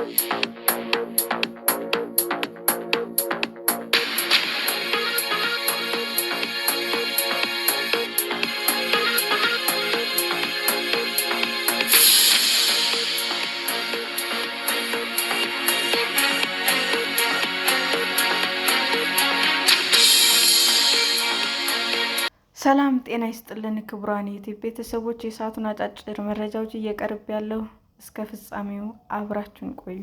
ሰላም ጤና ይስጥልን ክቡራን የዩቲዩብ ቤተሰቦች፣ የሰዓቱን አጫጭር መረጃዎች እየቀርብ ያለው እስከ ፍጻሜው አብራችን ቆዩ።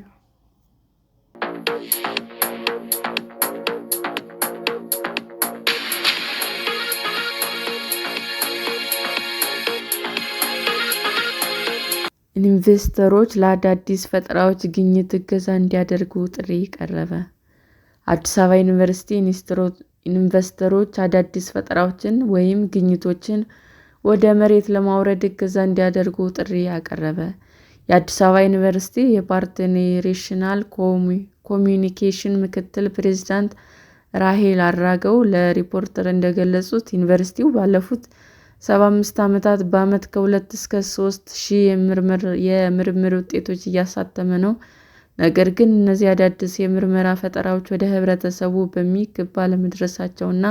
ኢንቨስተሮች ለአዳዲስ ፈጠራዎች ግኝት እገዛ እንዲያደርጉ ጥሪ ቀረበ። አዲስ አበባ ዩኒቨርሲቲ ኢንቨስተሮች አዳዲስ ፈጠራዎችን ወይም ግኝቶችን ወደ መሬት ለማውረድ እገዛ እንዲያደርጉ ጥሪ አቀረበ። የአዲስ አበባ ዩኒቨርሲቲ የፓርትኔሬሽናል ኮሚኒኬሽን ምክትል ፕሬዝዳንት ራሄል አድራገው ለሪፖርተር እንደገለጹት ዩኒቨርሲቲው ባለፉት ሰባ አምስት ዓመታት በዓመት ከሁለት እስከ ሦስት ሺህ የምርምር ውጤቶች እያሳተመ ነው። ነገር ግን እነዚህ አዳዲስ የምርመራ ፈጠራዎች ወደ ህብረተሰቡ በሚገባ አለመድረሳቸውና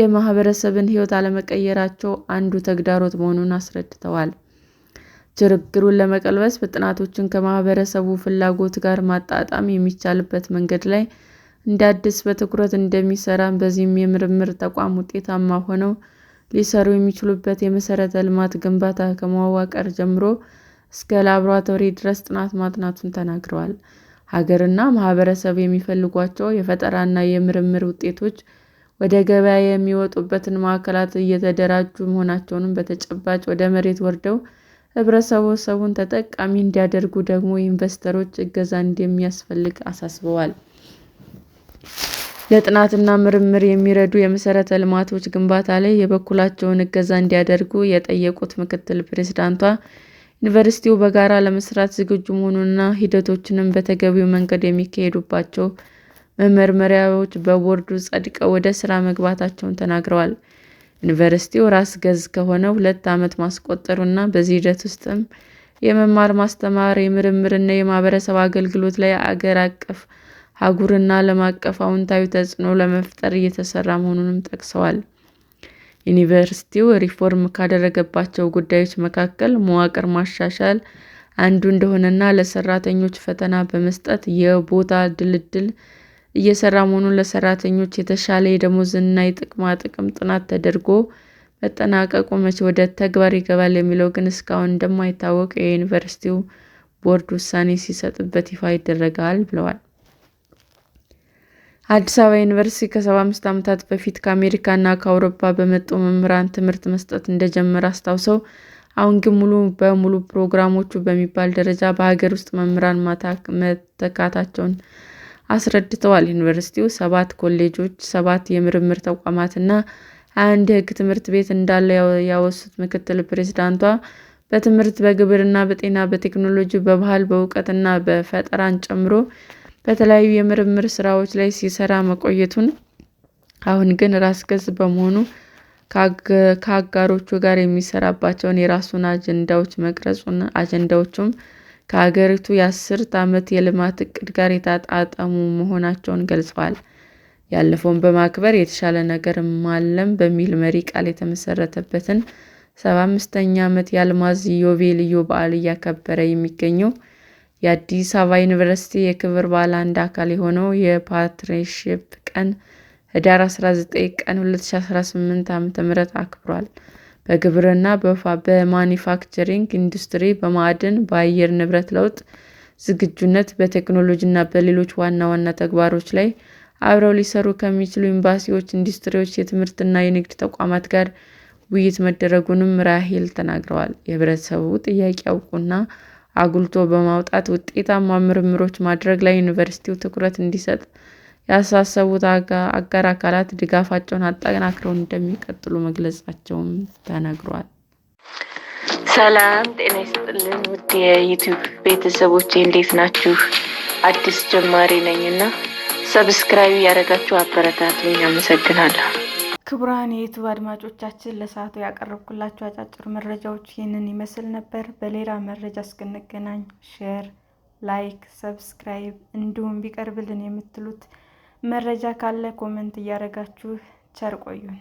የማህበረሰብን ህይወት አለመቀየራቸው አንዱ ተግዳሮት መሆኑን አስረድተዋል። ችግሩን ለመቀልበስ ጥናቶችን ከማህበረሰቡ ፍላጎት ጋር ማጣጣም የሚቻልበት መንገድ ላይ እንደ በትኩረት እንደሚሰራ፣ በዚህም የምርምር ተቋም ውጤታማ ሆነው ሊሰሩ የሚችሉበት የመሰረተ ልማት ግንባታ ከመዋቅር ጀምሮ እስከ ላቦራቶሪ ድረስ ጥናት ማጥናቱን ተናግረዋል። ሀገርና ማህበረሰብ የሚፈልጓቸው የፈጠራና የምርምር ውጤቶች ወደ ገበያ የሚወጡበትን ማዕከላት እየተደራጁ መሆናቸውንም በተጨባጭ ወደ መሬት ወርደው ህብረተሰቡን ተጠቃሚ እንዲያደርጉ ደግሞ ኢንቨስተሮች እገዛ እንደሚያስፈልግ አሳስበዋል። ለጥናትና ምርምር የሚረዱ የመሠረተ ልማቶች ግንባታ ላይ የበኩላቸውን እገዛ እንዲያደርጉ የጠየቁት ምክትል ፕሬዝዳንቷ ዩኒቨርሲቲው በጋራ ለመስራት ዝግጁ መሆኑንና ሂደቶችንም በተገቢው መንገድ የሚካሄዱባቸው መመርመሪያዎች በቦርዱ ጸድቀው ወደ ስራ መግባታቸውን ተናግረዋል። ዩኒቨርሲቲው ራስ ገዝ ከሆነ ሁለት ዓመት ማስቆጠሩና በዚህ ሂደት ውስጥም የመማር ማስተማር፣ የምርምርና የማህበረሰብ አገልግሎት ላይ አገር አቀፍ፣ አህጉርና ዓለም አቀፍ አውንታዊ ተጽዕኖ ለመፍጠር እየተሰራ መሆኑንም ጠቅሰዋል። ዩኒቨርሲቲው ሪፎርም ካደረገባቸው ጉዳዮች መካከል መዋቅር ማሻሻል አንዱ እንደሆነና ለሰራተኞች ፈተና በመስጠት የቦታ ድልድል እየሰራ መሆኑን ለሰራተኞች የተሻለ የደሞዝና የጥቅማ ጥቅም ጥናት ተደርጎ መጠናቀቁ መቼ ወደ ተግባር ይገባል የሚለው ግን እስካሁን እንደማይታወቅ የዩኒቨርሲቲው ቦርድ ውሳኔ ሲሰጥበት ይፋ ይደረጋል ብለዋል። አዲስ አበባ ዩኒቨርሲቲ ከ75 ዓመታት በፊት ከአሜሪካና ከአውሮፓ በመጡ መምህራን ትምህርት መስጠት እንደጀመረ አስታውሰው አሁን ግን ሙሉ በሙሉ ፕሮግራሞቹ በሚባል ደረጃ በሀገር ውስጥ መምህራን መተካታቸውን አስረድተዋል። ዩኒቨርሲቲው ሰባት ኮሌጆች፣ ሰባት የምርምር ተቋማትና አንድ የህግ ትምህርት ቤት እንዳለ ያወሱት ምክትል ፕሬዚዳንቷ በትምህርት፣ በግብርና፣ በጤና፣ በቴክኖሎጂ፣ በባህል፣ በእውቀትና በፈጠራን ጨምሮ በተለያዩ የምርምር ስራዎች ላይ ሲሰራ መቆየቱን አሁን ግን ራስ ገዝ በመሆኑ ከአጋሮቹ ጋር የሚሰራባቸውን የራሱን አጀንዳዎች መቅረጹን አጀንዳዎቹም ከሀገሪቱ የአስርት ዓመት የልማት ዕቅድ ጋር የተጣጣሙ መሆናቸውን ገልጸዋል። ያለፈውን በማክበር የተሻለ ነገር ማለም በሚል መሪ ቃል የተመሰረተበትን ሰባ አምስተኛ ዓመት የአልማዝ ኢዮቤልዩ በዓል እያከበረ የሚገኘው የአዲስ አበባ ዩኒቨርሲቲ የክብር በዓል አንድ አካል የሆነው የፓትርያርክ ቀን ህዳር 19 ቀን 2018 ዓ.ም አክብሯል። በግብርና፣ በማኒፋክቸሪንግ ኢንዱስትሪ፣ በማዕድን፣ በአየር ንብረት ለውጥ ዝግጁነት፣ በቴክኖሎጂ እና በሌሎች ዋና ዋና ተግባሮች ላይ አብረው ሊሰሩ ከሚችሉ ኤምባሲዎች፣ ኢንዱስትሪዎች፣ የትምህርትና የንግድ ተቋማት ጋር ውይይት መደረጉንም ራሄል ተናግረዋል። የህብረተሰቡ ጥያቄ አውቁና አጉልቶ በማውጣት ውጤታማ ምርምሮች ማድረግ ላይ ዩኒቨርሲቲው ትኩረት እንዲሰጥ ያሳሰቡት አጋር አካላት ድጋፋቸውን አጠናክረው እንደሚቀጥሉ መግለጻቸውም ተነግሯል። ሰላም ጤና ይስጥልን ውድ የዩቱብ ቤተሰቦች እንዴት ናችሁ? አዲስ ጀማሪ ነኝ እና ሰብስክራይብ ያደረጋችሁ አበረታቱኝ። አመሰግናለሁ። ክቡራን የዩቱብ አድማጮቻችን ለሰዓቱ ያቀረብኩላችሁ አጫጭር መረጃዎች ይህንን ይመስል ነበር። በሌላ መረጃ እስክንገናኝ ሼር፣ ላይክ፣ ሰብስክራይብ እንዲሁም ቢቀርብልን የምትሉት መረጃ ካለ ኮመንት እያደረጋችሁ ቸር ቆዩን።